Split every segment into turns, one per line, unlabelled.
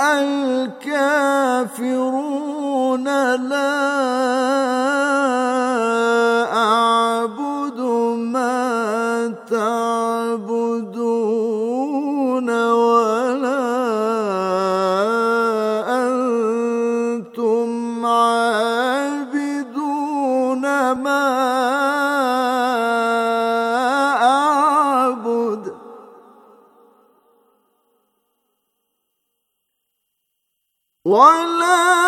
الكافرون لا أعبد ما تعبدون ولا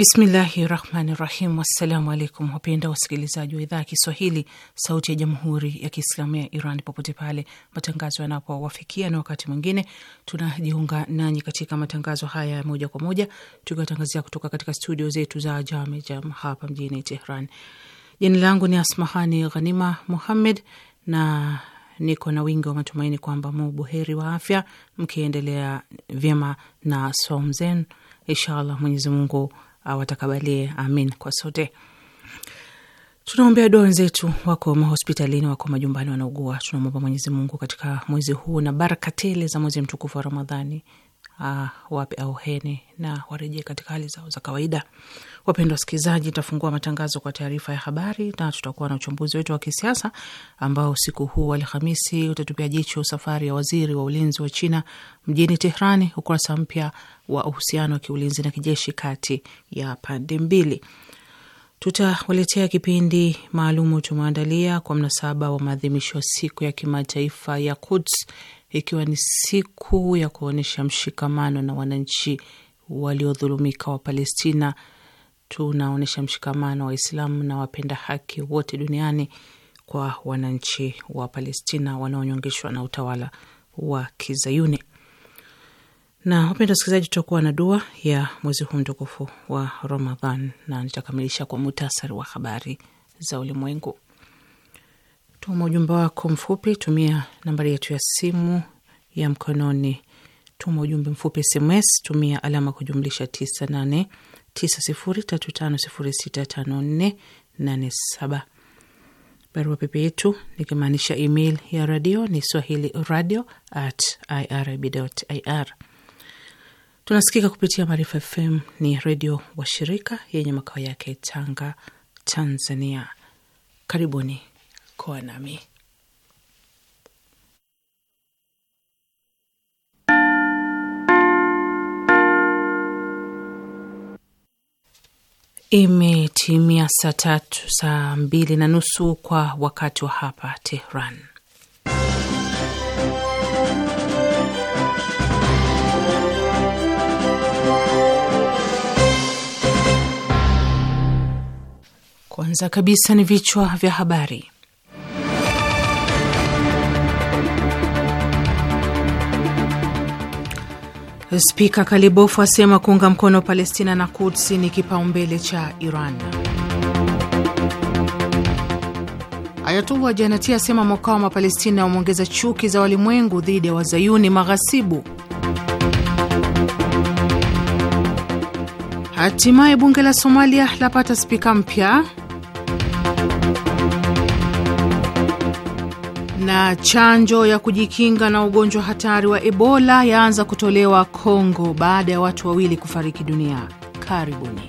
Bismillahi rahmani rahim. Wassalamu alaikum, wapenda wasikilizaji wa idhaa ya Kiswahili sauti ya jamhuri ya kiislamu ya Iran popote pale matangazo yanapowafikia, na wakati mwingine tunajiunga nanyi katika matangazo haya ya moja kwa moja tukiwatangazia kutoka katika studio zetu za Jame Jam hapa mjini Tehran. Jina langu ni Asmahani Ghanima Muhammed na niko na wingi wa matumaini kwamba mubuheri wa afya, mkiendelea vyema na somzen, inshallah Mwenyezi Mungu awatakabalie, amin kwa sote. Tunaombea dua wenzetu wako mahospitalini, wako majumbani, wanaugua. Tunamwomba Mwenyezi Mungu katika mwezi huu na baraka tele za mwezi mtukufu wa Ramadhani uh, wape auheni na warejee katika hali zao za kawaida. Wapendwa wasikilizaji, tafungua matangazo kwa taarifa ya habari na tutakuwa na uchambuzi wetu wa kisiasa ambao usiku huu Alhamisi utatupia jicho safari ya waziri wa ulinzi wa China mjini Tehrani, ukurasa mpya wa uhusiano wa kiulinzi na kijeshi kati ya pande mbili. Tutawaletea kipindi maalumu tumeandalia kwa mnasaba wa maadhimisho ya siku ya kimataifa ya Quds ikiwa ni siku ya kuonyesha mshikamano na wananchi waliodhulumika wa Palestina. Tunaonyesha mshikamano Waislamu na wapenda haki wote duniani kwa wananchi wa Palestina wanaonyongeshwa na utawala wa Kizayuni. Na wapenda wasikilizaji, tutakuwa na dua ya mwezi huu mtukufu wa Ramadhan na nitakamilisha kwa muhtasari wa habari za ulimwengu. Tuma ujumbe wako mfupi, tumia nambari yetu ya simu ya mkononi. Tuma ujumbe mfupi SMS, tumia alama kujumlisha 989035065487. Barua pepe yetu nikimaanisha email ya radio ni swahili radio at irib.ir. Tunasikika kupitia Maarifa FM, ni redio washirika yenye makao yake Tanga, Tanzania. Karibuni kuwa nami. Imetimia saa tatu, saa mbili na nusu kwa wakati wa hapa Tehran. Kwanza kabisa ni vichwa vya habari. Spika Kalibofu asema kuunga mkono Palestina na Kudsi ni kipaumbele cha Iran. Ayatullah Janati asema mwakao wa Palestina wameongeza chuki za walimwengu dhidi ya wazayuni maghasibu. Hatimaye bunge la Somalia lapata spika mpya. Na chanjo ya kujikinga na ugonjwa hatari wa Ebola yaanza kutolewa Kongo baada ya watu wawili kufariki dunia. Karibuni.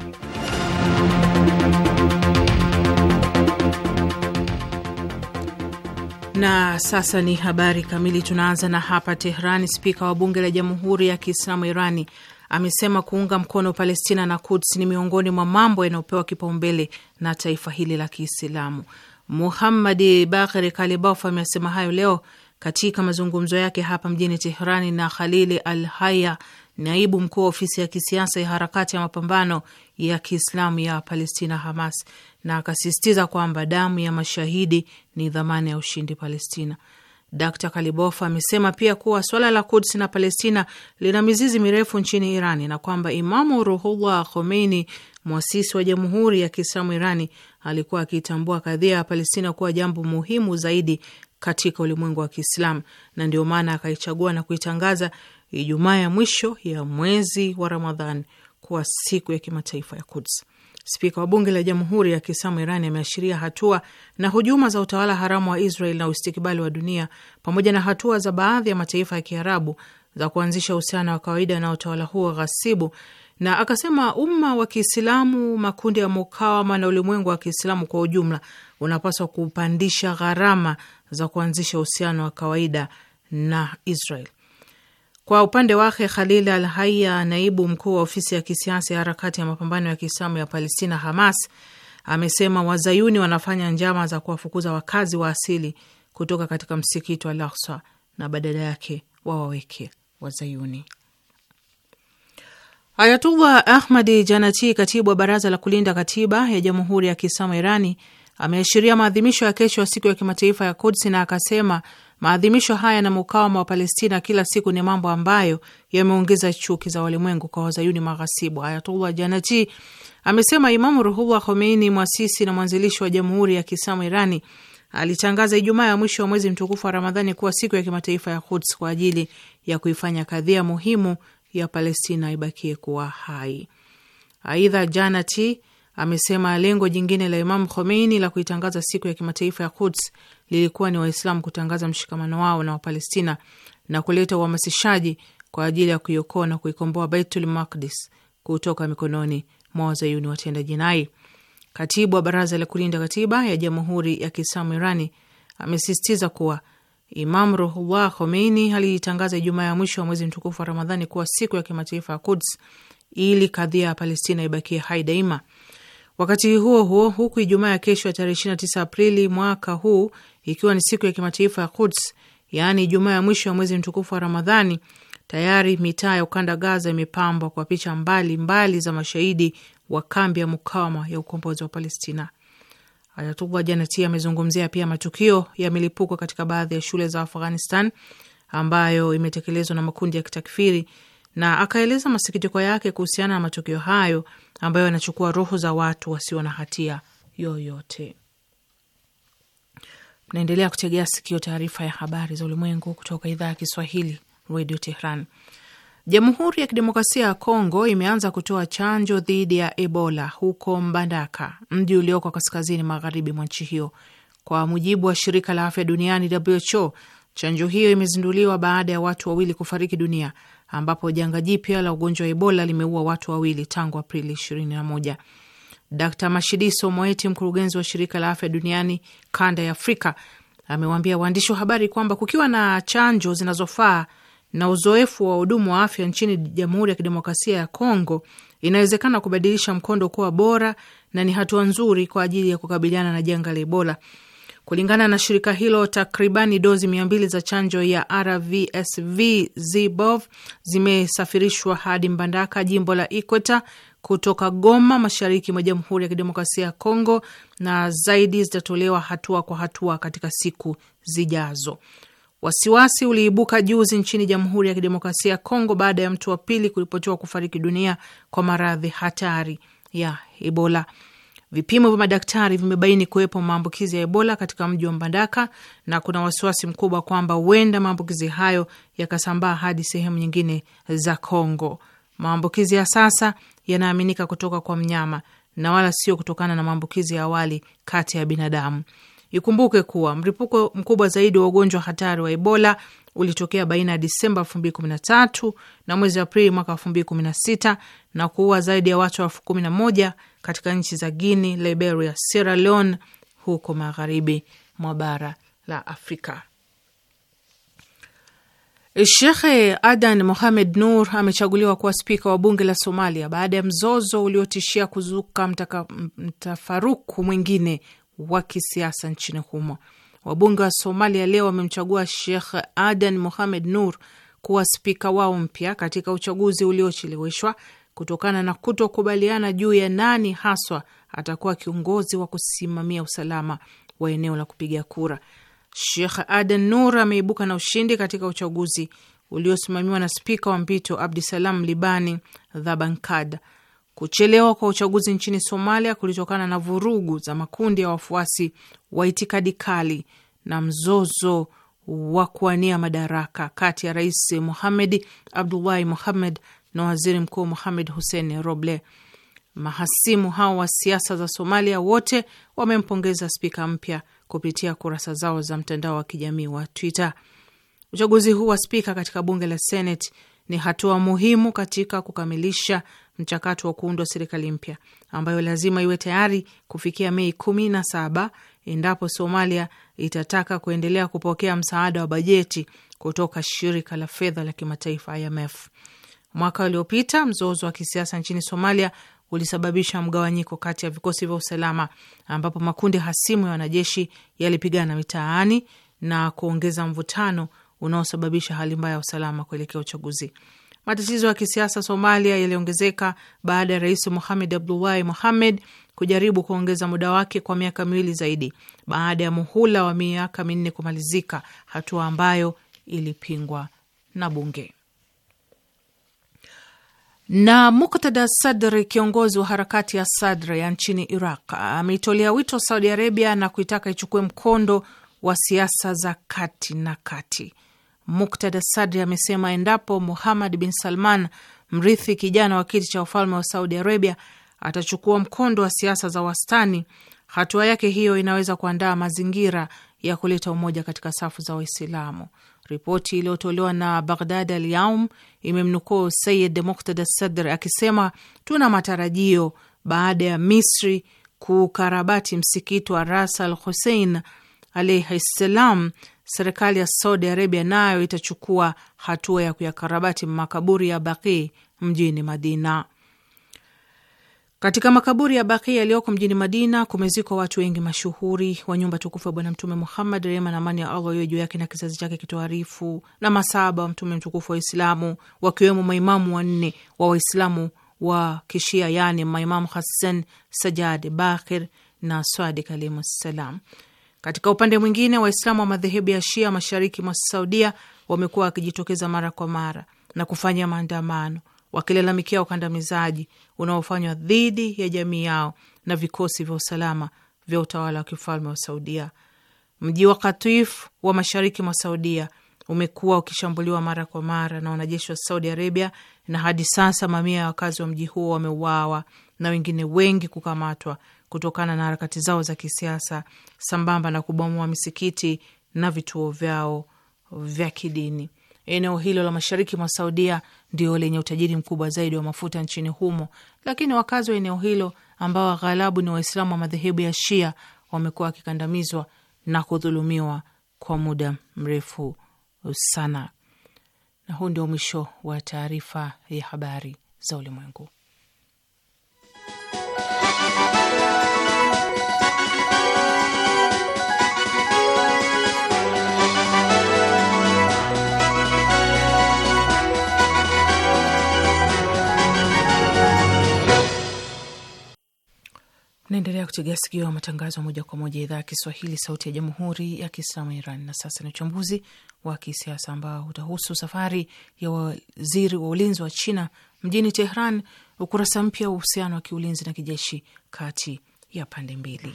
Na sasa ni habari kamili. Tunaanza na hapa Tehrani. Spika wa bunge la Jamhuri ya Kiislamu Irani amesema kuunga mkono Palestina na Kuds ni miongoni mwa mambo yanayopewa kipaumbele na taifa hili la Kiislamu. Muhammadi bakhiri Kalibof amesema hayo leo katika mazungumzo yake hapa mjini Teherani na Khalili Al Haya, naibu mkuu wa ofisi ya kisiasa ya harakati ya mapambano ya Kiislamu ya Palestina, Hamas, na akasisitiza kwamba damu ya mashahidi ni dhamana ya ushindi Palestina. Dr Kalibof amesema pia kuwa swala la Kuds na Palestina lina mizizi mirefu nchini Irani na kwamba Imamu Ruhullah Khomeini mwasisi wa Jamhuri ya Kiislamu Irani alikuwa akiitambua kadhia ya Palestina kuwa jambo muhimu zaidi katika ulimwengu wa Kiislamu, na ndio maana akaichagua na kuitangaza Ijumaa ya mwisho ya mwezi wa Ramadhan kuwa siku ya kimataifa ya Kuds. Spika wa bunge la Jamhuri ya Kiislamu Irani ameashiria hatua na hujuma za utawala haramu wa Israel na ustikibali wa dunia pamoja na hatua za baadhi ya mataifa ya Kiarabu za kuanzisha uhusiano wa kawaida na utawala huo ghasibu na akasema umma wa Kiislamu, makundi ya mukawama na ulimwengu wa Kiislamu kwa ujumla unapaswa kupandisha gharama za kuanzisha uhusiano wa kawaida na Israel. Kwa upande wake, Khalil Al Haya, naibu mkuu wa ofisi ya kisiasa ya harakati ya mapambano ya Kiislamu ya Palestina, Hamas, amesema wazayuni wanafanya njama za kuwafukuza wakazi wa asili kutoka katika msikiti wa Al-Aqsa na badala yake wawaweke wazayuni. Ayatullah Ahmadi Janati, katibu wa baraza la kulinda katiba ya jamhuri ya kiislamu Irani, ameashiria maadhimisho ya kesho ya siku ya kimataifa ya Kudsi na akasema maadhimisho haya na mukawama wa Palestina kila siku ni mambo ambayo yameongeza chuki za walimwengu kwa wazayuni maghasibu. Ayatullah Janati amesema Imamu Ruhullah Khomeini, mwasisi na mwanzilishi wa jamhuri ya kiislamu Irani, alitangaza Ijumaa ya mwisho wa mwezi mtukufu wa Ramadhani kuwa siku ya kimataifa ya kuds kwa ajili ya kuifanya kadhia muhimu ya Palestina ibakie kuwa hai. Aidha, Janati amesema lengo jingine la Imamu Khomeini la kuitangaza siku ya kimataifa ya Quds lilikuwa ni Waislamu kutangaza mshikamano wao na Wapalestina na kuleta uhamasishaji kwa ajili ya kuiokoa na kuikomboa Baitul Makdis kutoka mikononi mwa wazayuni watenda jinai. Katibu wa Baraza la Kulinda Katiba ya Jamhuri ya Kiislamu Irani amesisitiza kuwa Imam Ruhullah Khomeini aliitangaza Ijumaa ya mwisho wa mwezi mtukufu wa Ramadhani kuwa siku ya kimataifa ya Quds ili kadhia ya Palestina ibakie hai daima. Wakati huo huo, huku Ijumaa ya kesho ya tarehe 29 Aprili mwaka huu ikiwa ni siku ya kimataifa ya Quds, yaani Ijumaa ya mwisho wa mwezi mtukufu wa Ramadhani, tayari mitaa ya ukanda Gaza imepambwa kwa picha mbalimbali mbali za mashahidi wa kambi ya mukawama ya ukombozi wa Palestina. Ayatullah Janati amezungumzia pia matukio ya milipuko katika baadhi ya shule za Afghanistan ambayo imetekelezwa na makundi ya kitakfiri na akaeleza masikitiko yake kuhusiana na matukio hayo ambayo yanachukua roho za watu wasio na hatia yoyote. Naendelea kutegea sikio taarifa ya habari za ulimwengu kutoka idhaa ya Kiswahili, radio Tehran. Jamhuri ya Kidemokrasia ya Kongo imeanza kutoa chanjo dhidi ya Ebola huko Mbandaka, mji ulioko kaskazini magharibi mwa nchi hiyo. Kwa mujibu wa shirika la afya duniani WHO, chanjo hiyo imezinduliwa baada ya watu wawili kufariki dunia, ambapo janga jipya la ugonjwa wa Ebola limeua watu wawili tangu Aprili 21. Dr Mashidiso Moeti, mkurugenzi wa shirika la afya duniani kanda ya Afrika, amewaambia waandishi wa habari kwamba kukiwa na chanjo zinazofaa na uzoefu wa wahudumu wa afya nchini Jamhuri ya Kidemokrasia ya Kongo, inawezekana kubadilisha mkondo kuwa bora na ni hatua nzuri kwa ajili ya kukabiliana na janga la Ebola. Kulingana na shirika hilo, takribani dozi mia mbili za chanjo ya RVSV ZIBOV zimesafirishwa hadi Mbandaka, jimbo la Ikweta, kutoka Goma, mashariki mwa Jamhuri ya Kidemokrasia ya Kongo, na zaidi zitatolewa hatua kwa hatua katika siku zijazo. Wasiwasi uliibuka juzi nchini Jamhuri ya Kidemokrasia ya Kongo baada ya mtu wa pili kuripotiwa kufariki dunia kwa maradhi hatari ya Ebola. Vipimo vya madaktari vimebaini kuwepo maambukizi ya Ebola katika mji wa Mbandaka, na kuna wasiwasi mkubwa kwamba huenda maambukizi hayo yakasambaa hadi sehemu nyingine za Kongo. Maambukizi ya sasa yanaaminika kutoka kwa mnyama na wala sio kutokana na maambukizi ya awali kati ya binadamu. Ikumbuke kuwa mlipuko mkubwa zaidi wa ugonjwa hatari wa Ebola ulitokea baina ya Disemba 2013 na mwezi Aprili mwaka 2016 na kuua zaidi ya watu elfu kumi katika nchi za Guini, Liberia, Sierra Leone huko magharibi mwa bara la Afrika. Shekhe Adan Mohamed Nur amechaguliwa kuwa spika wa bunge la Somalia baada ya mzozo uliotishia kuzuka mtaka, mtafaruku mwingine wa kisiasa nchini humo. Wabunge wa Somalia leo wamemchagua Sheikh Adan Mohamed Nur kuwa spika wao mpya katika uchaguzi uliocheleweshwa kutokana na kutokubaliana juu ya nani haswa atakuwa kiongozi wa kusimamia usalama wa eneo la kupiga kura. Sheikh Aden Nur ameibuka na ushindi katika uchaguzi uliosimamiwa na spika wa mpito Abdisalam Libani Dhabankada. Kuchelewa kwa uchaguzi nchini Somalia kulitokana na vurugu za makundi ya wafuasi wa itikadi kali na mzozo wa kuwania madaraka kati ya Rais Mohamed Abdullahi Mohamed na Waziri Mkuu Mohamed Hussein Roble. Mahasimu hao wa siasa za Somalia wote wamempongeza spika mpya kupitia kurasa zao za mtandao wa kijamii wa Twitter. Uchaguzi huu wa spika katika bunge la Senate ni hatua muhimu katika kukamilisha mchakato wa kuundwa serikali mpya ambayo lazima iwe tayari kufikia Mei kumi na saba endapo Somalia itataka kuendelea kupokea msaada wa bajeti kutoka shirika la fedha la kimataifa IMF. Mwaka uliopita mzozo wa kisiasa nchini Somalia ulisababisha mgawanyiko kati ya vikosi vya usalama, ambapo makundi hasimu ya wanajeshi yalipigana mitaani na kuongeza mvutano unaosababisha hali mbaya ya usalama kuelekea uchaguzi. Matatizo ya kisiasa Somalia yaliongezeka baada ya rais Mohamed Abdullahi Mohamed kujaribu kuongeza muda wake kwa miaka miwili zaidi baada ya muhula wa miaka minne kumalizika, hatua ambayo ilipingwa na bunge. Na Muktada Sadri, kiongozi wa harakati ya Sadri ya nchini Iraq, ameitolea wito Saudi Arabia na kuitaka ichukue mkondo wa siasa za kati na kati. Muktada Sadri amesema endapo Muhamad bin Salman, mrithi kijana wa kiti cha ufalme wa Saudi Arabia, atachukua mkondo wa siasa za wastani, hatua yake hiyo inaweza kuandaa mazingira ya kuleta umoja katika safu za Waislamu. Ripoti iliyotolewa na Baghdad al Yaum imemnukuu Sayid Muktada Sadr akisema tuna matarajio baada ya Misri kukarabati msikiti wa Ras al Hussein alaihi ssalam serikali ya Saudi Arabia nayo itachukua hatua ya kuyakarabati makaburi ya Baqi mjini Madina. Katika makaburi ya Baqi yaliyoko mjini Madina kumezikwa watu wengi mashuhuri wa nyumba tukufu ya Bwana Mtume Muhammad, rehma na amani ya Allah iwe juu yake na kizazi chake kitoharifu, na masaba wa Mtume mtukufu wa Waislamu, wakiwemo maimamu wanne wa Waislamu wa Kishia, yaani maimamu Hassan, Sajad, Bakir na alaihimu ssalam katika upande mwingine, Waislamu wa madhehebu ya Shia mashariki mwa Saudia wamekuwa wakijitokeza mara kwa mara na kufanya maandamano wakilalamikia ukandamizaji unaofanywa dhidi ya jamii yao na vikosi vya usalama vya utawala wa kifalme wa Saudia. Mji wa Katif wa mashariki mwa Saudia umekuwa ukishambuliwa mara kwa mara na wanajeshi wa Saudi Arabia, na hadi sasa mamia ya wakazi wa mji huo wameuawa na wengine wengi kukamatwa kutokana na harakati zao za kisiasa sambamba na kubomoa misikiti na vituo vyao vya kidini. Eneo hilo la mashariki mwa Saudia ndio lenye utajiri mkubwa zaidi wa mafuta nchini humo, lakini wakazi wa eneo hilo ambao aghalabu ni Waislamu wa madhehebu ya Shia wamekuwa wakikandamizwa na kudhulumiwa kwa muda mrefu sana. Na huu ndio mwisho wa taarifa ya habari za ulimwengu. Naendelea kutegea sikio wa matangazo ya moja kwa moja idhaa ya Kiswahili, sauti ya jamhuri ya kiislamu Iran. Na sasa ni uchambuzi wa kisiasa ambao utahusu safari ya waziri wa ulinzi wa China mjini Tehran, ukurasa mpya wa uhusiano wa kiulinzi na kijeshi kati ya pande mbili.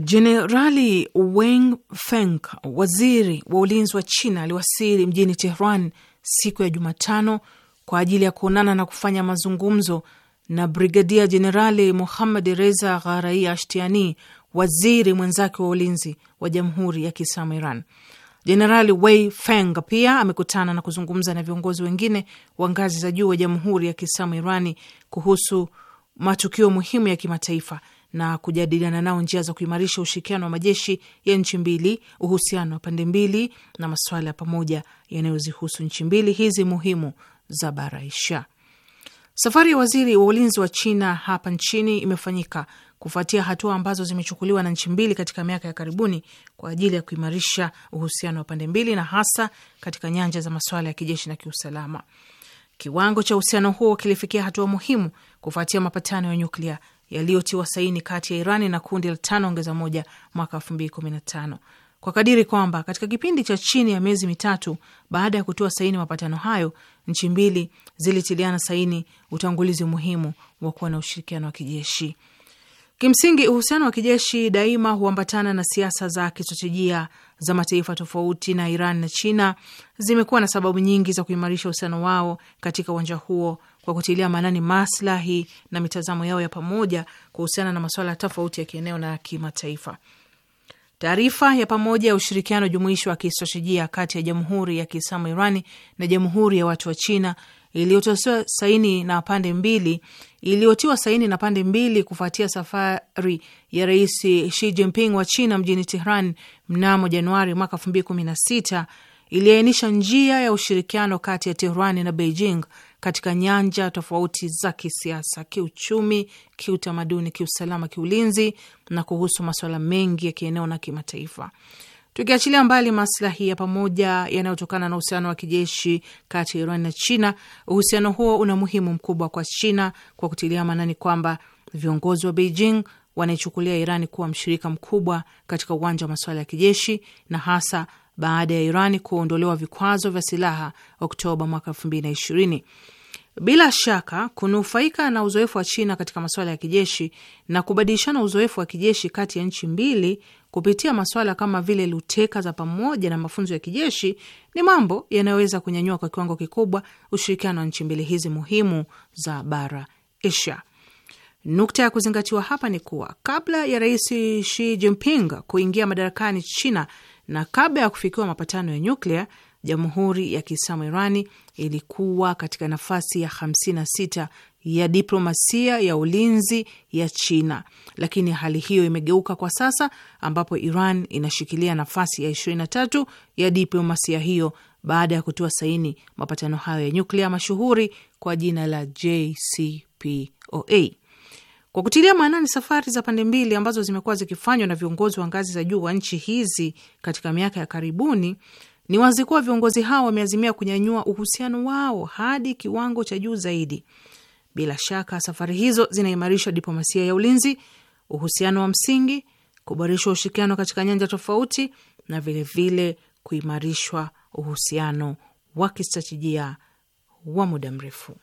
Jenerali Wang Feng, waziri wa ulinzi wa China, aliwasili mjini Tehran siku ya Jumatano kwa ajili ya kuonana na kufanya mazungumzo na Brigadia Jenerali Muhammad Reza Gharai Ashtiani, waziri mwenzake wa ulinzi wa Jamhuri ya Kiislamu Iran. Jenerali Wei Feng pia amekutana na kuzungumza na viongozi wengine wa ngazi za juu wa Jamhuri ya Kiislamu Irani kuhusu matukio muhimu ya kimataifa na kujadiliana nao njia za kuimarisha ushirikiano wa majeshi ya nchi mbili, uhusiano wa pande mbili na masuala ya pamoja yanayozihusu nchi mbili hizi muhimu za baraisha. Safari ya waziri wa ulinzi wa China hapa nchini imefanyika kufuatia hatua ambazo zimechukuliwa na nchi mbili katika miaka ya karibuni kwa ajili ya kuimarisha uhusiano wa pande mbili na hasa katika nyanja za masuala ya kijeshi na kiusalama. Kiwango cha uhusiano huo kilifikia hatua muhimu kufuatia mapatano ya nyuklia yaliyotiwa saini kati ya Irani na kundi la tano ongeza moja mwaka elfu mbili kumi na tano kwa kadiri kwamba katika kipindi cha chini ya miezi mitatu baada ya kutoa saini mapatano hayo, nchi mbili zilitiliana saini utangulizi muhimu wa kuwa na ushirikiano wa kijeshi. Kimsingi, uhusiano wa kijeshi daima huambatana na siasa za kistratejia za mataifa tofauti, na Iran na China zimekuwa na sababu nyingi za kuimarisha uhusiano wao katika uwanja huo kwa kutilia maanani maslahi na mitazamo yao ya pamoja kuhusiana na masuala tofauti ya kieneo na kimataifa. Taarifa ya pamoja ya ushirikiano jumuishi wa kistratejia kati ya Jamhuri ya Kiislamu Irani na Jamhuri ya Watu wa China iliyotiwa saini na pande mbili iliyotiwa saini na pande mbili kufuatia safari ya Rais Xi Jinping wa China mjini Tehran mnamo Januari mwaka elfu mbili kumi na sita iliainisha njia ya ushirikiano kati ya Tehrani na Beijing katika nyanja tofauti za kisiasa, kiuchumi, kiutamaduni, kiusalama, kiulinzi na kuhusu masuala mengi ya kieneo na kimataifa. Tukiachilia mbali maslahi ya pamoja yanayotokana na uhusiano wa kijeshi kati ya Iran na China, uhusiano huo una muhimu mkubwa kwa China kwa kutilia maanani kwamba viongozi wa Beijing wanaichukulia Iran kuwa mshirika mkubwa katika uwanja wa masuala ya kijeshi na hasa baada ya Iran kuondolewa vikwazo vya silaha Oktoba mwaka ishirini. Bila shaka kunufaika na uzoefu wa China katika masuala ya kijeshi na kubadilishana uzoefu wa kijeshi kati ya nchi mbili kupitia masuala kama vile luteka za pamoja na mafunzo ya kijeshi ni mambo yanayoweza kunyanyua kwa kiwango kikubwa ushirikiano wa nchi mbili hizi muhimu za bara Asia. Nukta ya kuzingatiwa hapa ni kuwa kabla ya Rais Xi Jinping kuingia madarakani, China na kabla ya kufikiwa mapatano ya nyuklia, Jamhuri ya Kiislamu Irani ilikuwa katika nafasi ya 56 ya diplomasia ya ulinzi ya China, lakini hali hiyo imegeuka kwa sasa ambapo Iran inashikilia nafasi ya 23 ya diplomasia hiyo baada ya kutoa saini mapatano hayo ya nyuklia mashuhuri kwa jina la JCPOA. Kwa kutilia maanani safari za pande mbili ambazo zimekuwa zikifanywa na viongozi wa ngazi za juu wa nchi hizi katika miaka ya karibuni, ni wazi kuwa viongozi hao wameazimia kunyanyua uhusiano wao hadi kiwango cha juu zaidi. Bila shaka, safari hizo zinaimarisha diplomasia ya ulinzi, uhusiano wa msingi, kuboreshwa ushirikiano katika nyanja tofauti, na vilevile vile kuimarishwa uhusiano wa kistratejia wa muda mrefu.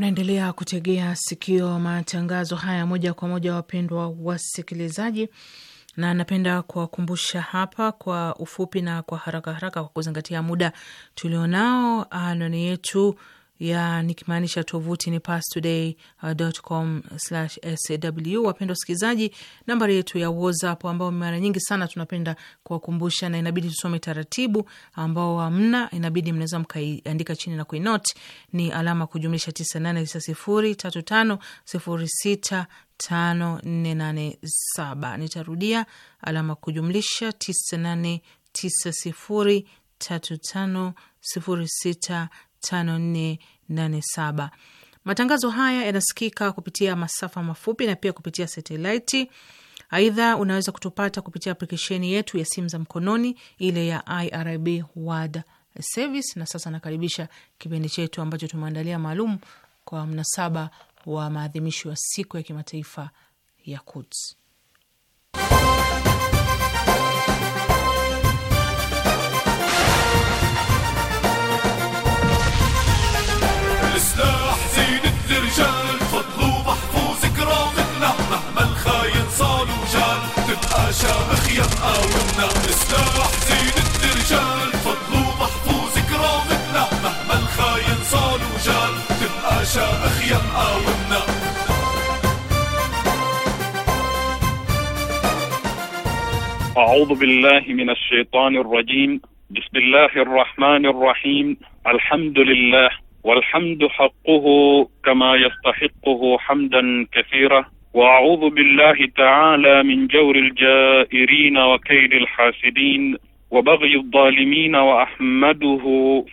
Mnaendelea kutegea sikio matangazo haya moja kwa moja, wapendwa wasikilizaji, na napenda kuwakumbusha hapa kwa ufupi na kwa haraka haraka, kwa kuzingatia muda tulionao, anwani yetu ya nikimaanisha tovuti ni pastoday.com/sw. Wapendwa wasikilizaji, nambari yetu ya WhatsApp ambao mara nyingi sana tunapenda kuwakumbusha na inabidi tusome taratibu, ambao hamna inabidi mnaweza mkaiandika chini na kuinoti, ni alama kujumlisha 98903506 5487. Nitarudia, alama kujumlisha 98903506 5487. Matangazo haya yanasikika kupitia masafa mafupi na pia kupitia satelaiti. Aidha, unaweza kutupata kupitia aplikesheni yetu ya simu za mkononi ile ya IRIB World Service. Na sasa nakaribisha kipindi chetu ambacho tumeandalia maalum kwa mnasaba wa maadhimisho ya siku ya kimataifa ya Quds.
وجال تبقى شامخ يبقى ومنا سلاح زينة الرجال فضل ومحفوظ كرامتنا مهما الخاين وجال تبقى شامخ يبقى ومنا
أعوذ بالله من الشيطان الرجيم بسم الله الرحمن الرحيم الحمد لله والحمد حقه كما يستحقه حمدا كثيرا وأعوذ بالله تعالى من جور الجائرين وكيد الحاسدين وبغي الظالمين وأحمده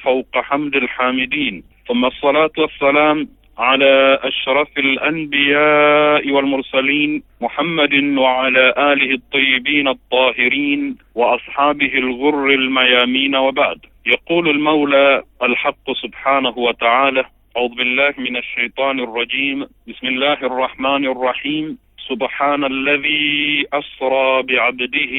فوق حمد الحامدين ثم الصلاة والسلام على أشرف الأنبياء والمرسلين محمد وعلى آله الطيبين الطاهرين وأصحابه الغر الميامين وبعد يقول المولى الحق سبحانه وتعالى أعوذ بالله من الشيطان الرجيم بسم الله الرحمن الرحيم سبحان الذي أسرى بعبده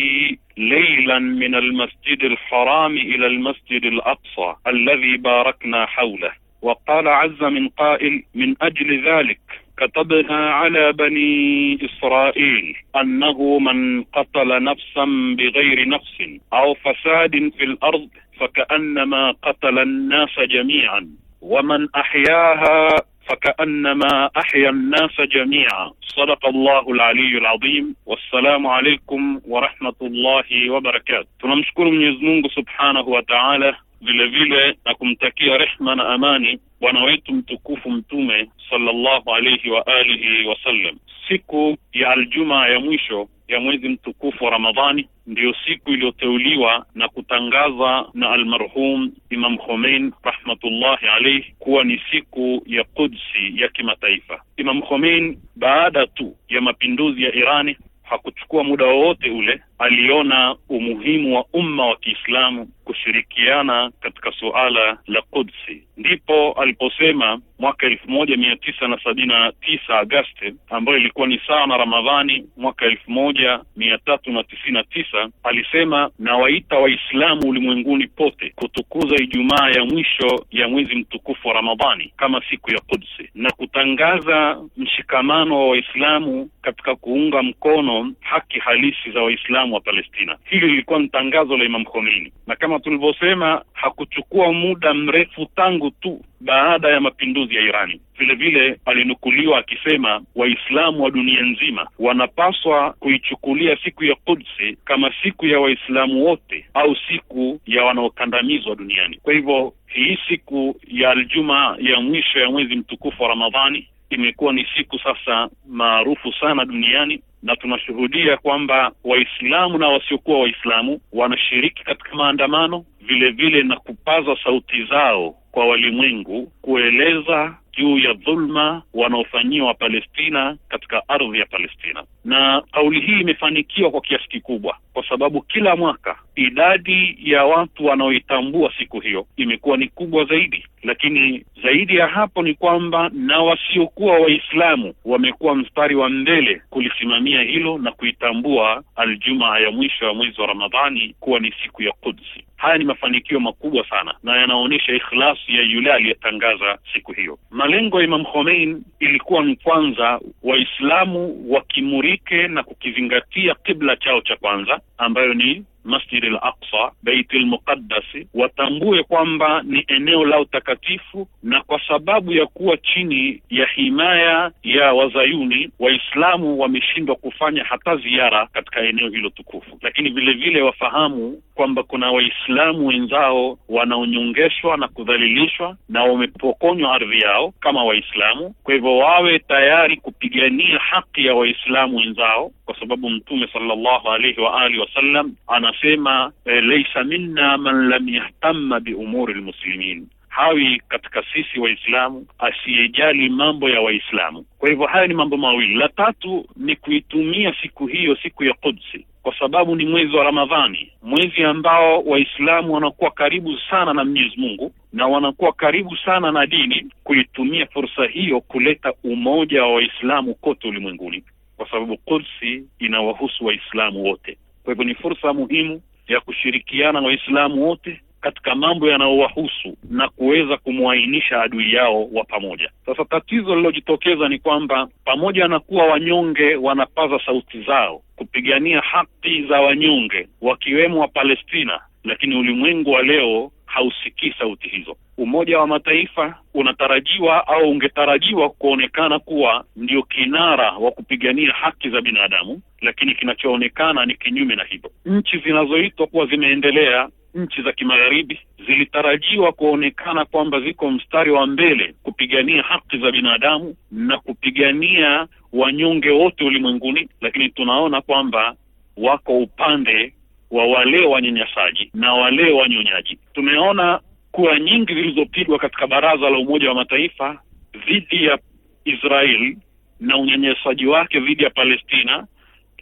ليلا من المسجد الحرام إلى المسجد الأقصى الذي باركنا حوله وقال عز من قائل من أجل ذلك كتبنا على بني إسرائيل أنه من قتل نفسا بغير نفس أو فساد في الأرض فكأنما قتل الناس جميعا ومن احياها فكانما احيا الناس جميعا صدق الله العلي العظيم والسلام عليكم ورحمه الله وبركاته تنشكر من يزنون سبحانه وتعالى vile vile na kumtakia rehma na amani bwana wetu mtukufu mtume sallallahu alayhi wa alihi wasallam. Siku ya aljuma ya mwisho ya mwezi mtukufu wa Ramadhani ndiyo siku iliyoteuliwa na kutangaza na almarhum Imam Khomein rahmatullahi alayh kuwa ni siku ya kudsi ya kimataifa. Imam Khomein baada tu ya mapinduzi ya Irani hakuchukua muda wowote ule aliona umuhimu wa umma wa Kiislamu kushirikiana katika suala la kudsi ndipo aliposema mwaka elfu moja mia tisa na sabini na tisa Agosti, ambayo ilikuwa ni sawa na Ramadhani mwaka elfu moja mia tatu na tisini na tisa alisema, nawaita Waislamu ulimwenguni pote kutukuza Ijumaa ya mwisho ya mwezi mtukufu wa Ramadhani kama siku ya kudsi na kutangaza mshikamano wa Waislamu katika kuunga mkono haki halisi za Waislamu Waislamu wa Palestina. Hili lilikuwa ni tangazo la Imam Khomeini, na kama tulivyosema, hakuchukua muda mrefu tangu tu baada ya mapinduzi ya Irani. Vile vile alinukuliwa akisema Waislamu wa dunia nzima wanapaswa kuichukulia siku ya Kudsi kama siku ya Waislamu wote au siku ya wanaokandamizwa duniani. Kwa hivyo hii siku ya Aljumaa ya mwisho ya mwezi mtukufu wa Ramadhani imekuwa ni siku sasa maarufu sana duniani na tunashuhudia kwamba Waislamu na wasiokuwa Waislamu wanashiriki katika maandamano vile vile na kupaza sauti zao kwa walimwengu kueleza juu ya dhulma wanaofanyiwa Palestina katika ardhi ya Palestina. Na kauli hii imefanikiwa kwa kiasi kikubwa, kwa sababu kila mwaka idadi ya watu wanaoitambua siku hiyo imekuwa ni kubwa zaidi. Lakini zaidi ya hapo ni kwamba na wasiokuwa Waislamu wamekuwa mstari wa mbele kulisimamia hilo na kuitambua Aljumaa ya mwisho ya mwezi wa Ramadhani kuwa ni siku ya Kudsi. Haya ni mafanikio makubwa sana na yanaonyesha ikhlasi ya yule aliyetangaza siku hiyo. Malengo ya Imam homein ilikuwa ni kwanza, Waislamu wakimurike na kukizingatia kibla chao cha kwanza ambayo ni Masjid al-Aqsa, Baitul Muqaddasi, watambue kwamba ni eneo la utakatifu, na kwa sababu ya kuwa chini ya himaya ya Wazayuni, Waislamu wameshindwa kufanya hata ziara katika eneo hilo tukufu. Lakini vile vile wafahamu kwamba kuna Waislamu wenzao wanaonyongeshwa na kudhalilishwa na wamepokonywa ardhi yao kama Waislamu. Kwa hivyo wawe tayari kupigania haki ya Waislamu wenzao kwa sababu mtume sallallahu alaihi wa alihi wasallam anasema e, laisa minna man lam yahtamma bi umuri almuslimin hawi katika sisi Waislamu asiyejali mambo ya Waislamu. Kwa hivyo haya ni mambo mawili. La tatu ni kuitumia siku hiyo, siku ya Qudsi, kwa sababu ni mwezi wa Ramadhani, mwezi ambao Waislamu wanakuwa karibu sana na Mwenyezi Mungu na wanakuwa karibu sana na dini, kuitumia fursa hiyo kuleta umoja wa Waislamu kote ulimwenguni kwa sababu kudsi inawahusu Waislamu wote. Kwa hivyo ni fursa muhimu ya kushirikiana na Waislamu wote katika mambo yanayowahusu na kuweza kumwainisha adui yao wa pamoja. Sasa tatizo lililojitokeza ni kwamba pamoja na kuwa wanyonge wanapaza sauti zao kupigania haki za wanyonge wakiwemo wa Palestina, lakini ulimwengu wa leo hausikii sauti hizo. Umoja wa Mataifa unatarajiwa au ungetarajiwa kuonekana kuwa ndio kinara wa kupigania haki za binadamu, lakini kinachoonekana ni kinyume na hivyo. Nchi zinazoitwa kuwa zimeendelea, nchi za kimagharibi, zilitarajiwa kuonekana kwamba ziko mstari wa mbele kupigania haki za binadamu na kupigania wanyonge wote ulimwenguni, lakini tunaona kwamba wako upande wa wale wanyanyasaji na wale wanyonyaji. Tumeona kura nyingi zilizopigwa katika Baraza la Umoja wa Mataifa dhidi ya Israel na unyanyasaji wake dhidi ya Palestina,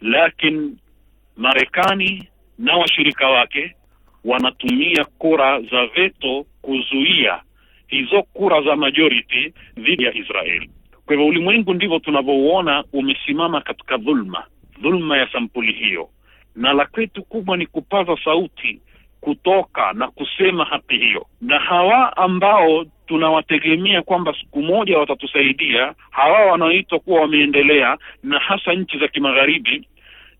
lakini Marekani na washirika wake wanatumia kura za veto kuzuia hizo kura za majority dhidi ya Israel. Kwa hivyo ulimwengu, ndivyo tunavyouona, umesimama katika dhulma, dhulma ya sampuli hiyo na la kwetu kubwa ni kupaza sauti kutoka na kusema hati hiyo, na hawa ambao tunawategemea kwamba siku moja watatusaidia, hawa wanaoitwa kuwa wameendelea, na hasa nchi za kimagharibi,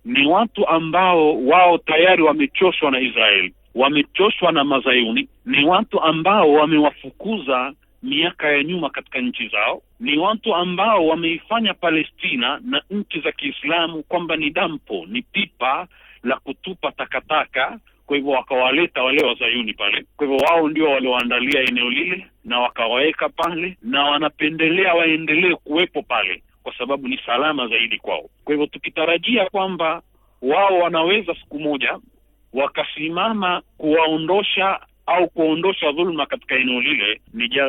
ni watu ambao wao tayari wamechoshwa na Israeli, wamechoshwa na Mazayuni, ni watu ambao wamewafukuza miaka ya nyuma katika nchi zao, ni watu ambao wameifanya Palestina na nchi za Kiislamu kwamba ni dampo, ni pipa la kutupa takataka kwa hivyo wakawaleta wale wazayuni pale. Kwa hivyo wao ndio walioandalia eneo lile na wakawaweka pale, na wanapendelea waendelee kuwepo pale kwa sababu ni salama zaidi kwao. Kwa hivyo tukitarajia kwamba wao wanaweza siku moja wakasimama kuwaondosha au kuondosha dhuluma katika eneo lile,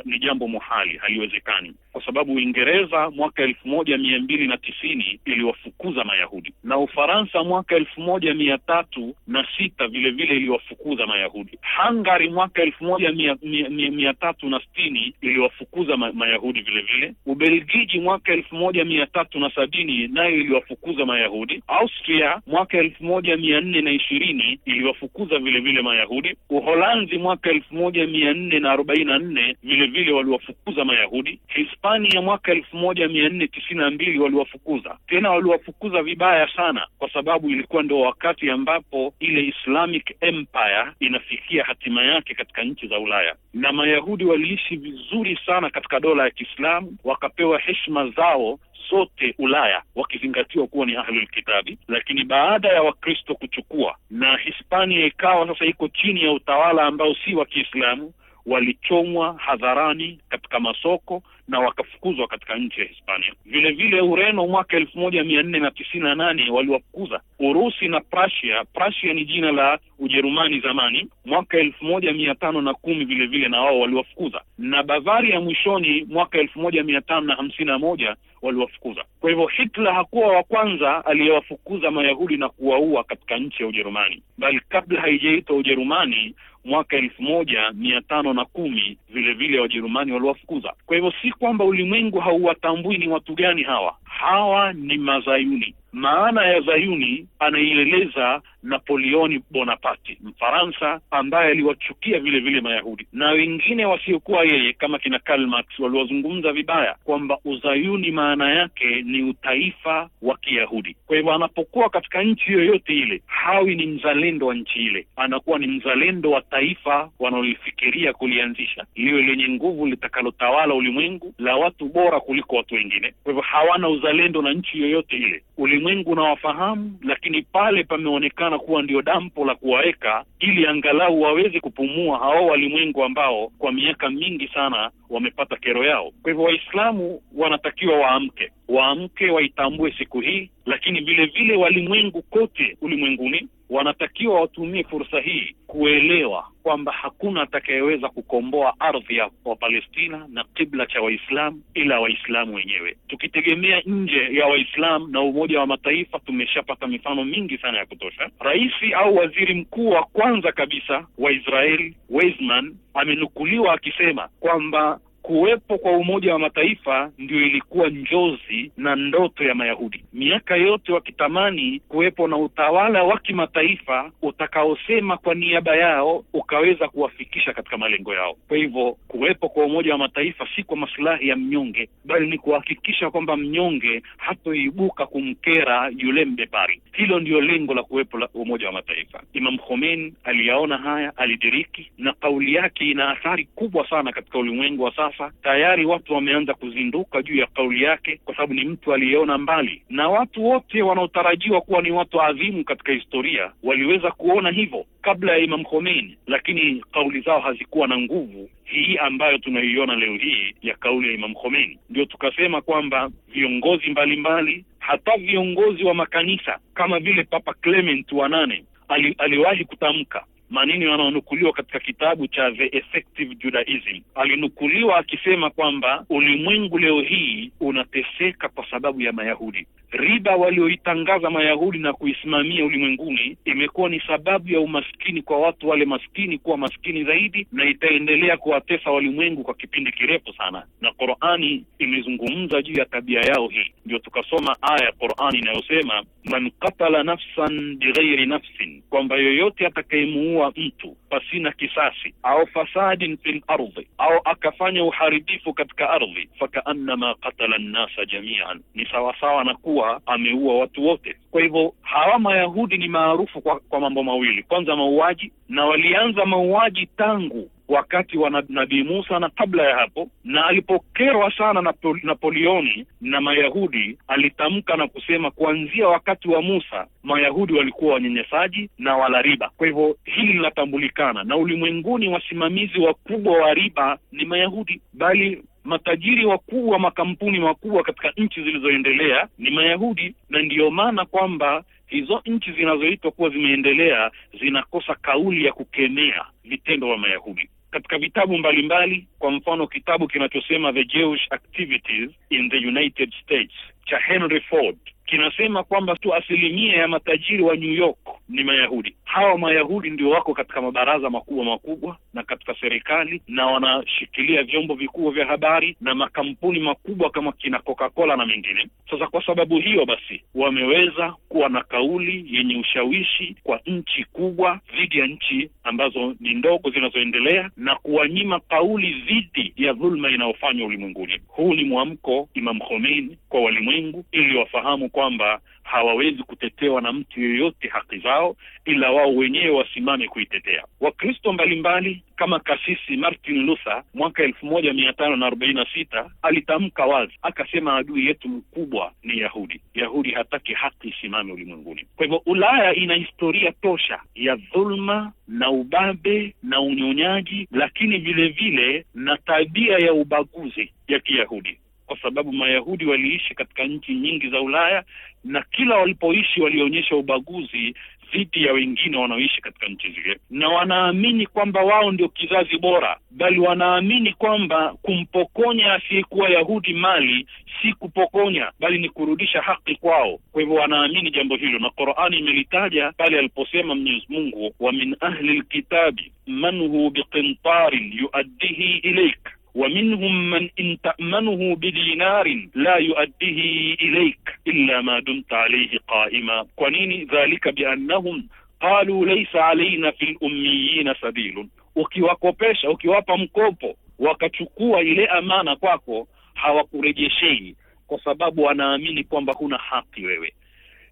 ni jambo muhali, haliwezekani kwa sababu Uingereza mwaka elfu moja mia mbili na tisini iliwafukuza Mayahudi na Ufaransa mwaka elfu moja mia tatu na sita vilevile iliwafukuza Mayahudi. Hungary mwaka elfu moja mia, mia, mia, mia tatu na sitini iliwafukuza Mayahudi Mayahudi vilevile. Ubelgiji mwaka elfu moja mia tatu na sabini nayo iliwafukuza Mayahudi. Austria mwaka elfu moja mia nne na ishirini iliwafukuza vilevile Mayahudi. Uholanzi mwaka elfu moja mia nne na arobaini na nne vilevile waliwafukuza Mayahudi Hispa Japani ya mwaka elfu moja mia nne tisini na mbili waliwafukuza tena, waliwafukuza vibaya sana, kwa sababu ilikuwa ndo wakati ambapo ile Islamic Empire inafikia hatima yake katika nchi za Ulaya, na Mayahudi waliishi vizuri sana katika dola ya Kiislamu, wakapewa heshima zao zote Ulaya wakizingatiwa kuwa ni ahlul kitabi. Lakini baada ya Wakristo kuchukua na Hispania ikawa sasa iko chini ya utawala ambao si wa Kiislamu walichomwa hadharani katika masoko na wakafukuzwa katika nchi ya Hispania. Vile vile Ureno mwaka elfu moja mia nne na tisini na nane waliwafukuza Urusi na Prussia. Prussia ni jina la Ujerumani zamani. Mwaka elfu moja mia tano na kumi vile vile na wao waliwafukuza, na Bavaria mwishoni mwaka elfu moja mia tano na hamsini na moja waliwafukuza. Kwa hivyo Hitler hakuwa wa kwanza aliyewafukuza Mayahudi na kuwaua katika nchi ya Ujerumani, bali kabla haijaitwa Ujerumani mwaka elfu moja mia tano na kumi vilevile Wajerumani waliwafukuza. Kwa hivyo si kwamba ulimwengu hauwatambui ni watu gani hawa, hawa ni Mazayuni. Maana ya Zayuni anaieleza Napoleoni Bonaparte, Mfaransa ambaye aliwachukia vile vile Mayahudi na wengine wasiokuwa yeye kama kina Karl Marx, waliwazungumza vibaya kwamba uzayuni maana yake ni utaifa wa Kiyahudi. Kwa hivyo anapokuwa katika nchi yoyote ile, hawi ni mzalendo wa nchi ile, anakuwa ni mzalendo wa taifa wanaolifikiria kulianzisha, liwe lenye nguvu litakalotawala ulimwengu, la watu bora kuliko watu wengine. Kwa hivyo hawana uzalendo na nchi yoyote ile Uli ulimwengu unawafahamu, lakini pale pameonekana kuwa ndio dampo la kuwaweka ili angalau waweze kupumua hao walimwengu ambao kwa miaka mingi sana wamepata kero yao. Kwa hivyo, Waislamu wanatakiwa waamke, waamke, waitambue siku hii, lakini vilevile walimwengu kote ulimwenguni wanatakiwa watumie fursa hii kuelewa kwamba hakuna atakayeweza kukomboa ardhi ya Wapalestina na kibla cha Waislamu ila Waislamu wenyewe. Tukitegemea nje ya Waislamu na Umoja wa Mataifa, tumeshapata mifano mingi sana ya kutosha. Rais au waziri mkuu wa kwanza kabisa wa Israeli Weizmann amenukuliwa akisema kwamba kuwepo kwa Umoja wa Mataifa ndio ilikuwa njozi na ndoto ya Mayahudi miaka yote, wakitamani kuwepo na utawala wa kimataifa utakaosema kwa niaba yao ukaweza kuwafikisha katika malengo yao. Kwa hivyo kuwepo kwa Umoja wa Mataifa si kwa masilahi ya mnyonge, bali ni kuhakikisha kwamba mnyonge hatoibuka kumkera yule mbepari. Hilo ndiyo lengo la kuwepo la Umoja wa Mataifa. Imam Khomeini aliyaona haya, alidiriki, na kauli yake ina athari kubwa sana katika ulimwengu wa sasa sasa tayari watu wameanza kuzinduka juu ya kauli yake, kwa sababu ni mtu aliyeona mbali, na watu wote wanaotarajiwa kuwa ni watu adhimu katika historia waliweza kuona hivyo kabla ya Imam Khomeini, lakini kauli zao hazikuwa na nguvu hii ambayo tunaiona leo hii ya kauli ya Imam Khomeini. Ndio tukasema kwamba viongozi mbalimbali mbali, hata viongozi wa makanisa kama vile Papa Clement wa nane ali, aliwahi kutamka manini wanaonukuliwa katika kitabu cha The Effective Judaism. Alinukuliwa akisema kwamba ulimwengu leo hii unateseka kwa sababu ya Mayahudi, Riba walioitangaza Mayahudi na kuisimamia ulimwenguni imekuwa ni sababu ya umaskini kwa watu wale maskini kuwa maskini zaidi, na itaendelea kuwatesa walimwengu kwa kipindi kirefu sana, na Qur'ani imezungumza juu ya tabia yao hii. Ndio tukasoma aya ya Qur'ani inayosema man katala nafsan bighairi nafsin, kwamba yoyote atakayemuua mtu pasina kisasi, au fasadin fil ardhi, au akafanya uharibifu katika ardhi, fakaannama katala nnasa jamian, ni sawasawa na kuwa kuwa ameua watu wote. Kwa hivyo hawa Mayahudi ni maarufu kwa, kwa mambo mawili, kwanza mauaji, na walianza mauaji tangu wakati wa Nabii Musa na kabla ya hapo, na alipokerwa sana na Napoleoni na Mayahudi, alitamka na kusema kuanzia wakati wa Musa Mayahudi walikuwa wanyenyesaji na wala riba. Kwa hivyo hili linatambulikana na ulimwenguni, wasimamizi wakubwa wa riba ni Mayahudi, bali matajiri wakuu wa makampuni makubwa katika nchi zilizoendelea ni Mayahudi, na ndiyo maana kwamba hizo nchi zinazoitwa kuwa zimeendelea zinakosa kauli ya kukemea vitendo vya Mayahudi katika vitabu mbalimbali mbali, kwa mfano kitabu kinachosema The Jewish Activities in the United States cha Henry Ford kinasema kwamba tu asilimia ya matajiri wa New York ni Mayahudi. Hawa Mayahudi ndio wako katika mabaraza makubwa makubwa na katika serikali na wanashikilia vyombo vikubwa vya habari na makampuni makubwa kama kina Coca-Cola na mengine. Sasa kwa sababu hiyo basi wameweza kuwa na kauli yenye ushawishi kwa nchi kubwa dhidi ya nchi ambazo ni ndogo zinazoendelea na kuwanyima kauli dhidi ya dhulma inayofanywa ulimwenguni. Huu ni mwamko Imam Khomeini kwa walimwengu ili wafahamu kwamba hawawezi kutetewa na mtu yeyote haki zao, ila wao wenyewe wasimame kuitetea. Wakristo mbalimbali kama kasisi Martin Luther mwaka elfu moja mia tano na arobaini na sita alitamka wazi akasema, adui yetu mkubwa ni Yahudi. Yahudi hataki haki isimame ulimwenguni. Kwa hivyo, Ulaya ina historia tosha ya dhulma na ubabe na unyonyaji, lakini vilevile na tabia ya ubaguzi ya Kiyahudi kwa sababu Mayahudi waliishi katika nchi nyingi za Ulaya na kila walipoishi walionyesha ubaguzi dhidi ya wengine wanaoishi katika nchi zile, na wanaamini kwamba wao ndio kizazi bora, bali wanaamini kwamba kumpokonya asiyekuwa Yahudi mali si kupokonya, bali ni kurudisha haki kwao. Kwa hivyo wanaamini jambo hilo, na Qur'ani imelitaja pale aliposema Mwenyezi Mungu, wa min ahli lkitabi man hu biqintarin yuaddihi ileik wa man من إن bidinarin la yuaddihi ilaik illa ma dumta alayhi qaima. kwa nini dhalika biannahum qalu laysa alaina fi lummiyina sabilun ukiwakopesha ukiwapa mkopo wakachukua ile amana kwako hawakurejeshei kwa sababu wanaamini kwamba huna haki wewe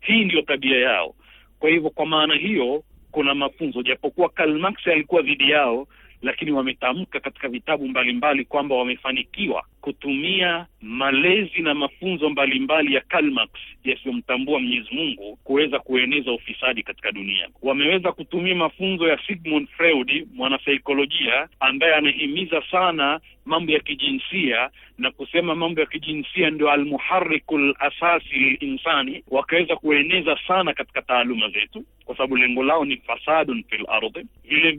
hii ndiyo tabia yao kwa hivyo kwa maana hiyo kuna mafunzo japokuwa Karl Marx alikuwa dhidi yao lakini wametamka katika vitabu mbalimbali kwamba wamefanikiwa kutumia malezi na mafunzo mbalimbali ya Karl Marx yasiyomtambua Mwenyezi Mungu kuweza kueneza ufisadi katika dunia. Wameweza kutumia mafunzo ya Sigmund Freud, mwanasaikolojia ambaye anahimiza sana mambo ya kijinsia na kusema mambo ya kijinsia ndio almuharrikul asasi linsani, wakaweza kueneza sana katika taaluma zetu, kwa sababu lengo lao ni fasadun fil ardhi.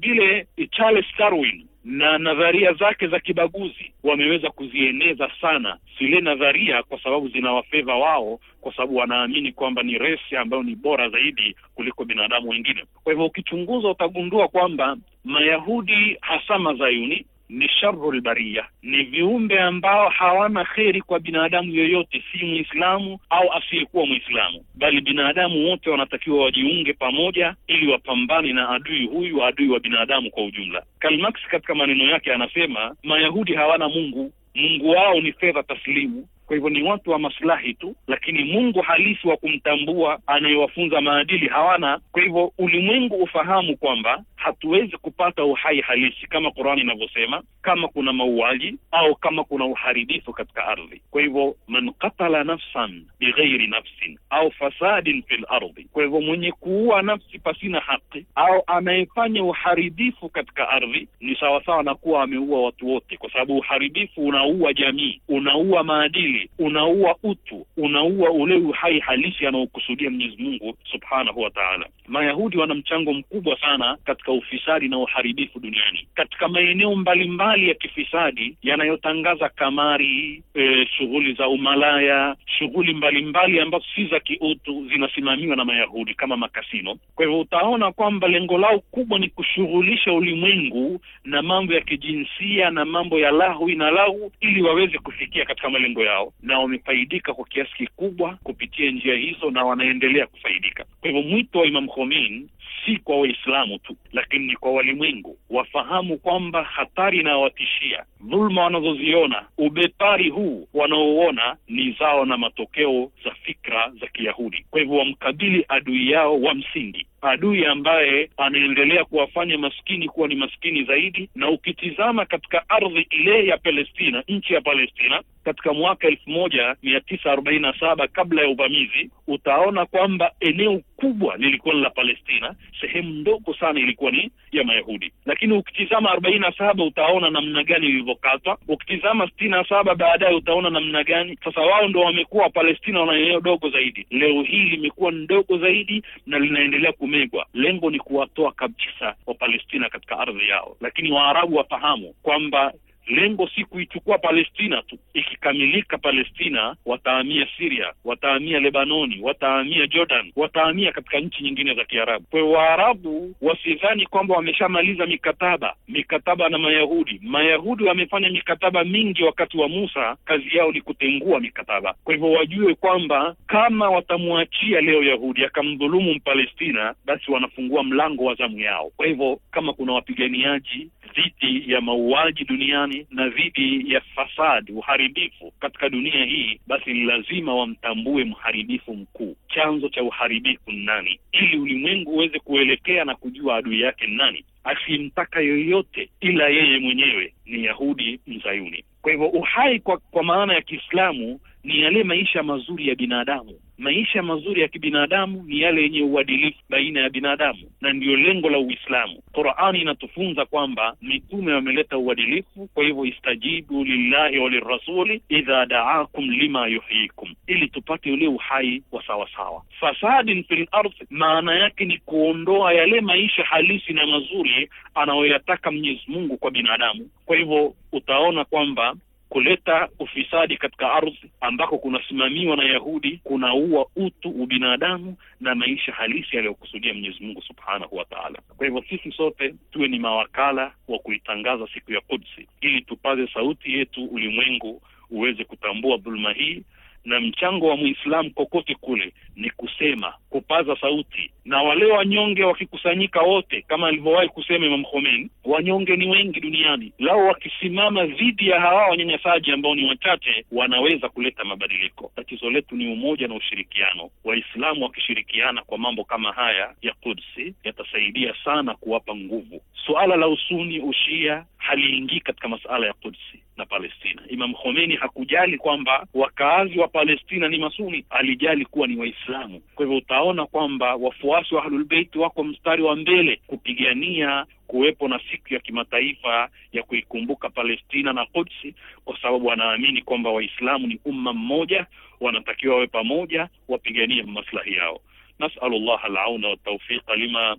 vile Charles Darwin na nadharia zake za kibaguzi wameweza kuzieneza sana zile nadharia, kwa sababu zinawafedha wao, kwa sababu wanaamini kwamba ni resi ambayo ni bora zaidi kuliko binadamu wengine. Kwa hivyo ukichunguza, utagundua kwamba Mayahudi hasa Mazayuni ni sharu lbaria, ni viumbe ambao hawana kheri kwa binadamu yoyote, si mwislamu au asiyekuwa mwislamu bali binadamu wote wanatakiwa wajiunge pamoja ili wapambane na adui huyu, adui wa binadamu kwa ujumla. Karl Marx katika maneno yake anasema Mayahudi hawana Mungu, Mungu wao ni fedha taslimu kwa hivyo ni watu wa maslahi tu, lakini Mungu halisi wa kumtambua anayewafunza maadili hawana. Kwa hivyo ulimwengu ufahamu kwamba hatuwezi kupata uhai halisi kama Qur'ani inavyosema, kama kuna mauaji au kama kuna uharibifu katika ardhi. Kwa hivyo man qatala nafsan bighairi nafsin au fasadin fi lardhi kwa hivyo mwenye kuua nafsi pasina haki au anayefanya uharibifu katika ardhi ni sawasawa na kuwa ameua watu wote, kwa sababu uharibifu unaua jamii, unaua maadili hili unaua utu, unaua ule uhai halisi anaokusudia Mwenyezi Mungu subhanahu wa taala. Mayahudi wana mchango mkubwa sana katika ufisadi na uharibifu duniani katika maeneo mbalimbali ya kifisadi yanayotangaza kamari, e, shughuli za umalaya, shughuli mbalimbali ambazo si za kiutu zinasimamiwa na Mayahudi kama makasino. Kwa hivyo utaona kwamba lengo lao kubwa ni kushughulisha ulimwengu na mambo ya kijinsia na mambo ya lahwi na lahu, ili waweze kufikia katika malengo yao wao na wamefaidika kwa kiasi kikubwa kupitia njia hizo na wanaendelea kufaidika. Kwa hivyo mwito wa Imam Khomeini si kwa Waislamu tu, lakini ni kwa walimwengu wafahamu kwamba hatari inayowatishia, dhuluma wanazoziona, ubepari huu wanaouona ni zao na matokeo za fikra za Kiyahudi. Kwa hivyo wamkabili adui yao wa msingi adui ambaye anaendelea kuwafanya maskini kuwa ni maskini zaidi. Na ukitizama katika ardhi ile ya Palestina, nchi ya Palestina katika mwaka elfu moja mia tisa arobaini na saba kabla ya uvamizi, utaona kwamba eneo kubwa lilikuwa ni la Palestina, sehemu ndogo sana ilikuwa ni ya Mayahudi. Lakini ukitizama arobaini na saba utaona namna gani ilivyokatwa. Ukitizama sitini na saba baadaye utaona namna gani sasa wao ndo wamekuwa Wapalestina wana eneo dogo zaidi. Leo hii limekuwa ndogo zaidi na linaendelea ku kumegwa. Lengo ni kuwatoa kabisa Wapalestina katika ardhi yao, lakini Waarabu wafahamu kwamba lengo si kuichukua Palestina tu. Ikikamilika Palestina, watahamia siria watahamia Lebanoni, watahamia Jordan, watahamia katika nchi nyingine za Kiarabu. Kwa hiyo Waarabu wasidhani kwamba wameshamaliza mikataba mikataba na Mayahudi. Mayahudi wamefanya mikataba mingi wakati wa Musa, kazi yao ni kutengua mikataba. Kwa hivyo wajue kwamba kama watamwachia leo Yahudi akamdhulumu Mpalestina, basi wanafungua mlango wa zamu yao. Kwa hivyo kama kuna wapiganiaji dhidi ya mauaji duniani na dhidi ya fasadi, uharibifu katika dunia hii, basi ni lazima wamtambue mharibifu mkuu, chanzo cha uharibifu nani, ili ulimwengu uweze kuelekea na kujua adui yake nani, asimtaka yoyote ila yeye mwenyewe, ni Yahudi mzayuni. Kwa hivyo uhai kwa, kwa maana ya Kiislamu ni yale maisha mazuri ya binadamu. Maisha mazuri ya kibinadamu ni yale yenye uadilifu baina ya binadamu, na ndiyo lengo la Uislamu. Qurani inatufunza kwamba mitume wameleta uadilifu, kwa hivyo istajibu lillahi wa lirasuli idha daakum lima yuhyikum, ili tupate ule uhai wa sawasawa. Fasadin fil ardh, maana yake ni kuondoa yale maisha halisi na mazuri anayoyataka Mwenyezi Mungu kwa binadamu. Kwa hivyo utaona kwamba kuleta ufisadi katika ardhi ambako kunasimamiwa na Yahudi kunaua utu, ubinadamu na maisha halisi aliyokusudia Mwenyezi Mungu Subhanahu wa Ta'ala. Kwa hivyo sisi sote tuwe ni mawakala wa kuitangaza siku ya Kudsi ili tupaze sauti yetu, ulimwengu uweze kutambua dhuluma hii, na mchango wa mwislamu kokote kule ni kusema, kupaza sauti na wale wanyonge wakikusanyika wote, kama alivyowahi kusema Imam Khomeini, wanyonge ni wengi duniani. Lao wakisimama dhidi ya hawa wanyanyasaji ambao ni wachache, wanaweza kuleta mabadiliko. Tatizo letu ni umoja na ushirikiano. Waislamu wakishirikiana kwa mambo kama haya ya Kudsi yatasaidia sana kuwapa nguvu. Suala la usuni ushia haliingii katika masala ya Kudsi na Palestina. Imam Khomeini hakujali kwamba wakaazi wa Palestina ni masuni, alijali kuwa ni Waislamu. Kwa hivyo utaona kwamba wafuasi wafuasi wa Ahlulbeit wako mstari wa mbele kupigania kuwepo na siku ya kimataifa ya kuikumbuka Palestina na Kudsi, kwa sababu wanaamini kwamba Waislamu ni umma mmoja, wanatakiwa wawe pamoja, wapiganie maslahi yao. Nasalullah alauna wataufiqa lima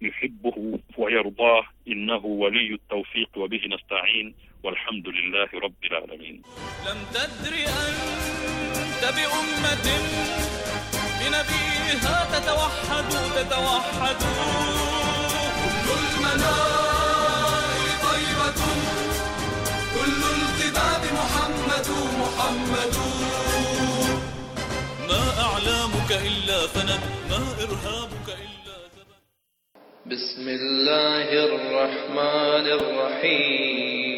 yuhibuhu wayardah innahu waliyu taufiq wabihi nastain walhamdu lillahi rabbil alamin
lam tadri anta biummatin بنبيها تتوحد تتوحد كل المنار طيبة كل القباب محمد محمد ما أعلامك إلا فند ما إرهابك
إلا زبد بسم الله الرحمن الرحيم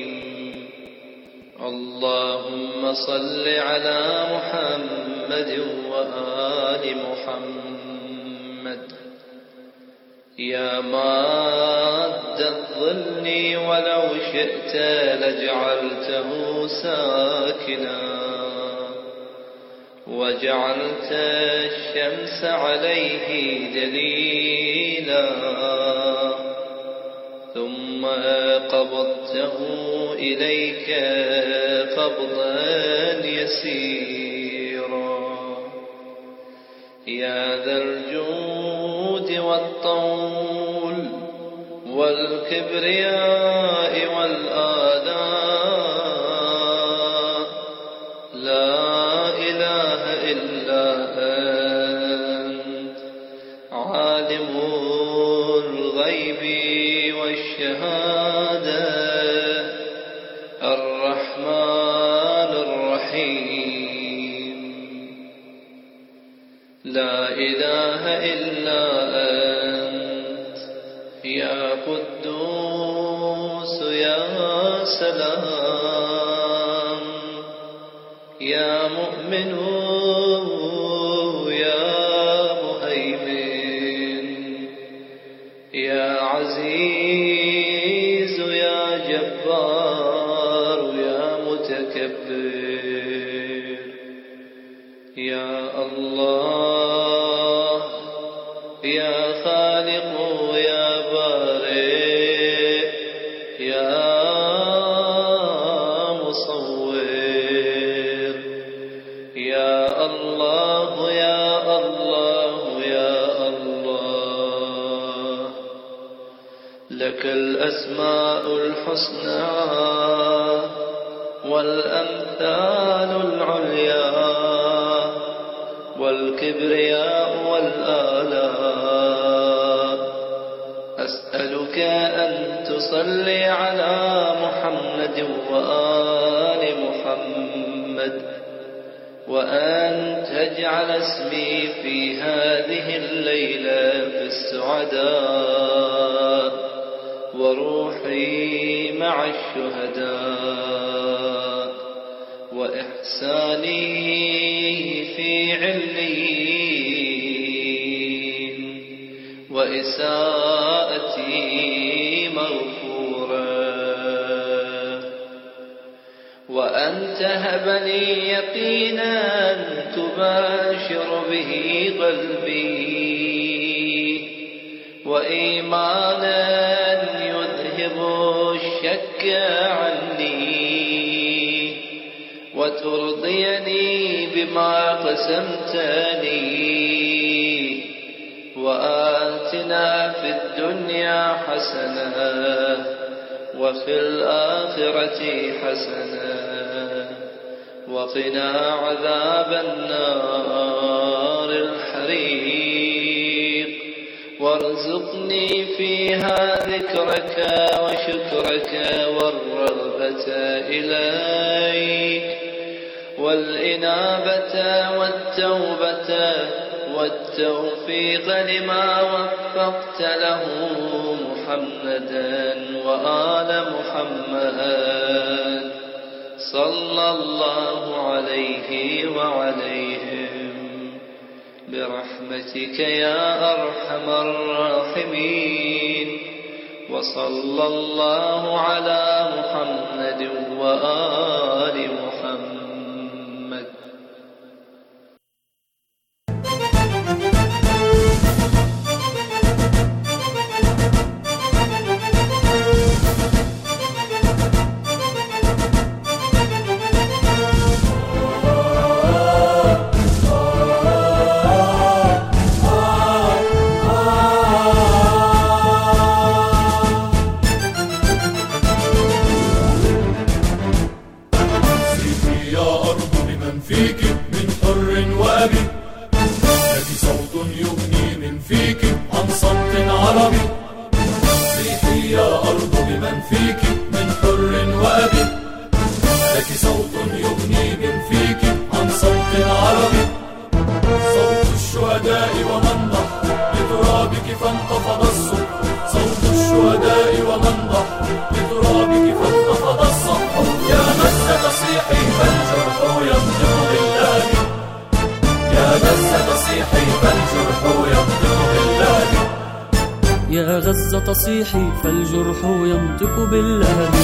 اللهم صل على محمد وآل محمد يا ماد الظل ولو شئت لجعلته ساكنا وجعلت الشمس عليه دليلا ثم قبضته إليك قبضا يسيرا يا ذا الجود والطول والكبرياء والآذان والسلام يا مؤمنون الأسماء الحسنى والأمثال العليا والكبرياء والآلاء أسألك أن تصلي على محمد وآل محمد وأن تجعل اسمي في هذه الليلة في السعداء وروحي مع الشهداء وإحساني في عليين وإساءتي مغفورة وأنت هبني يقينا تباشر به قلبي قسمتني وآتنا في الدنيا حسنة وفي الآخرة حسنة وقنا عذاب النار الحريق وارزقني فيها ذكرك وشكرك والرغبة إليك والإنابة والتوبة والتوفيق لما وفقت له محمدا وآل محمد صلى الله عليه وعليهم برحمتك يا أرحم الراحمين وصلى الله على محمد وآل محمد
يا أرض بمن فيك من حر وأبي لك صوت يغني من فيك عن صوت عربي صوت الشهداء ومن ضح لترابك فانتفض الصبح صوت الشهداء ومن ضح لترابك
فانتفض الصبح يا نفس تصيحي فالجرح يمضي ظلالي يا نفس تصيحي فالجرح يمضي يا غزة تصيحي فالجرح ينطق بالألم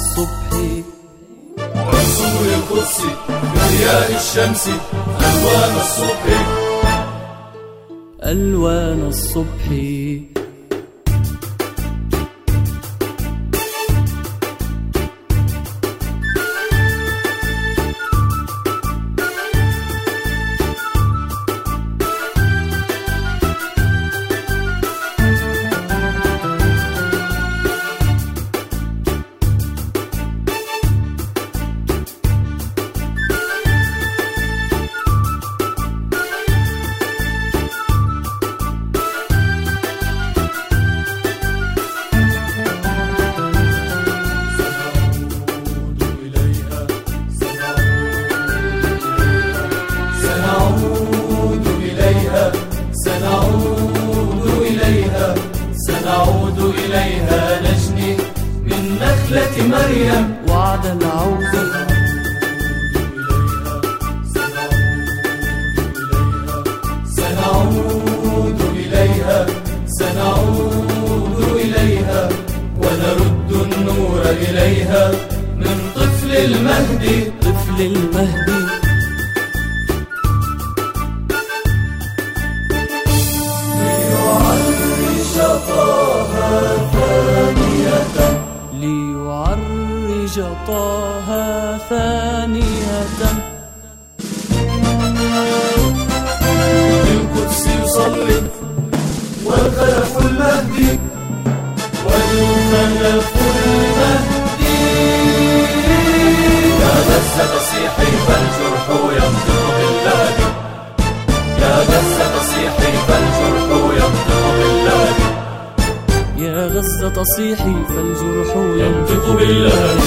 الصبح والصور القدس في الشمس ألوان الصبح ألوان الصبح تصيحي فالجرح ينطق بالله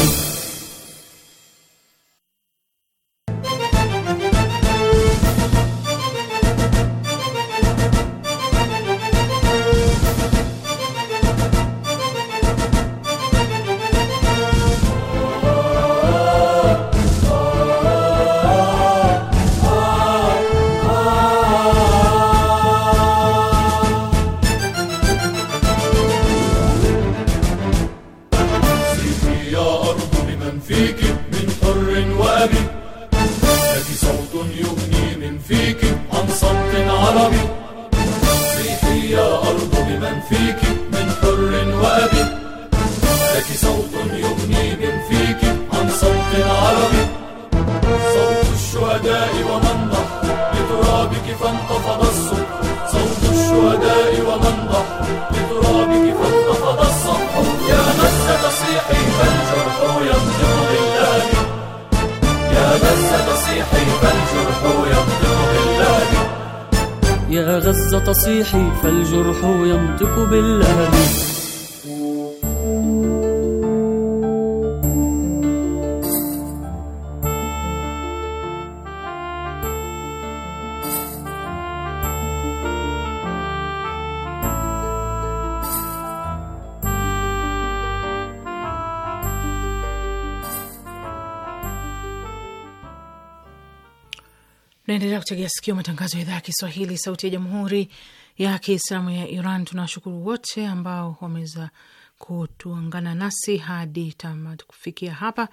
kusikia matangazo ya idhaa ya Kiswahili, sauti ya jamhuri ya kiislamu ya Iran. Tunawashukuru wote ambao wameweza kutuungana nasi hadi tamati kufikia hapa,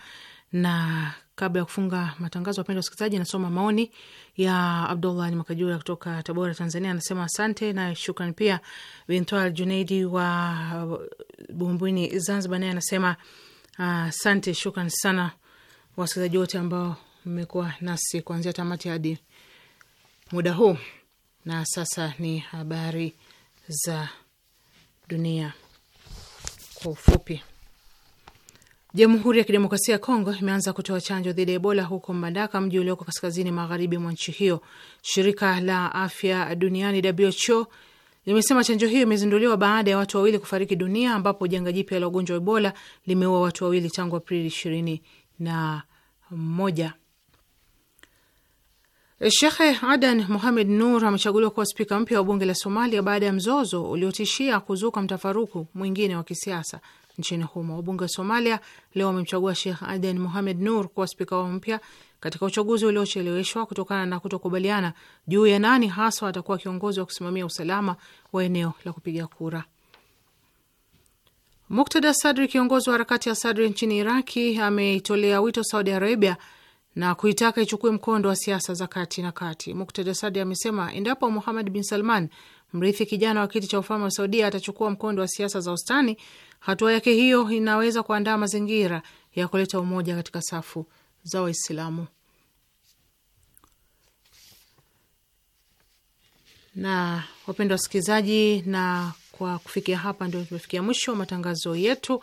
na kabla ya kufunga matangazo, wapenda wasikilizaji, nasoma maoni ya Abdullah Makajura kutoka Tabora, Tanzania. Anasema asante na shukran. Pia Bintal Junaidi wa Bumbwini, Zanzibar, naye anasema asante, uh, shukran sana wasikilizaji wote ambao mmekuwa nasi kuanzia tamati hadi muda huu. Na sasa ni habari za dunia kwa ufupi. Jamhuri ya Kidemokrasia ya Kongo imeanza kutoa chanjo dhidi ya Ebola huko Mbandaka, mji ulioko kaskazini magharibi mwa nchi hiyo. Shirika la Afya Duniani, WHO, limesema chanjo hiyo imezinduliwa baada ya watu wawili kufariki dunia, ambapo janga jipya la ugonjwa wa Ebola limeua watu wawili tangu Aprili ishirini na moja. Shekhe Adan muhamed Nur amechaguliwa kuwa spika mpya wa bunge la Somalia baada ya mzozo uliotishia kuzuka mtafaruku mwingine wa kisiasa nchini humo. Wabunge wa Somalia leo wamemchagua Shekh Adan muhamed Nur kuwa spika wao mpya katika uchaguzi uliocheleweshwa kutokana na kutokubaliana juu ya nani haswa atakuwa kiongozi wa kusimamia usalama wa eneo la kupiga kura. Muktada Sadri, kiongozi wa harakati ya Sadri nchini Iraki, ameitolea wito Saudi Arabia na kuitaka ichukue mkondo wa siasa za kati na kati. Muktada Sadi amesema endapo muhamad bin Salman, mrithi kijana wa kiti cha ufalme wa Saudia, atachukua mkondo wa siasa za ustani, hatua yake hiyo inaweza kuandaa mazingira ya kuleta umoja katika safu za Waislamu. Na wapendwa wasikilizaji, na kwa kufikia hapa ndio tumefikia mwisho wa matangazo yetu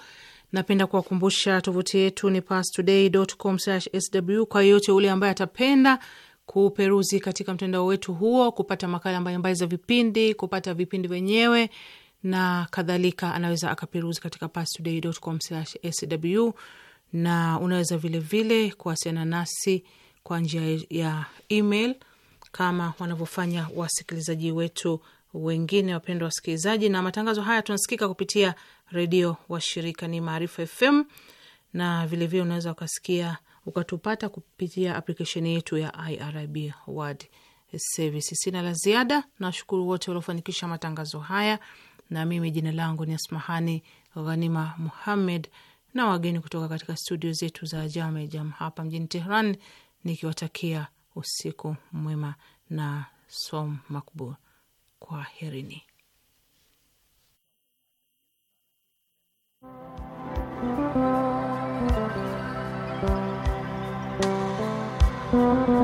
Napenda kuwakumbusha tovuti yetu ni pastoday.com/sw kwa yeyote ule ambaye atapenda kuperuzi katika mtandao wetu huo kupata makala mbalimbali za vipindi, kupata vipindi vyenyewe na kadhalika, anaweza akaperuzi katika pastoday.com/sw, na unaweza vilevile kuwasiliana nasi kwa njia ya email kama wanavyofanya wasikilizaji wetu wengine, wapendwa wasikilizaji. Na matangazo haya tunasikika kupitia redio washirika ni Maarifa FM, na vilevile unaweza ukasikia ukatupata kupitia aplikesheni yetu ya IRIB World Service. Sina la ziada, nawashukuru wote waliofanikisha matangazo haya, na mimi jina langu ni Asmahani Ghanima Muhammed na wageni kutoka katika studio zetu za Jame Jam hapa mjini Tehran, nikiwatakia usiku mwema na som makbul
you.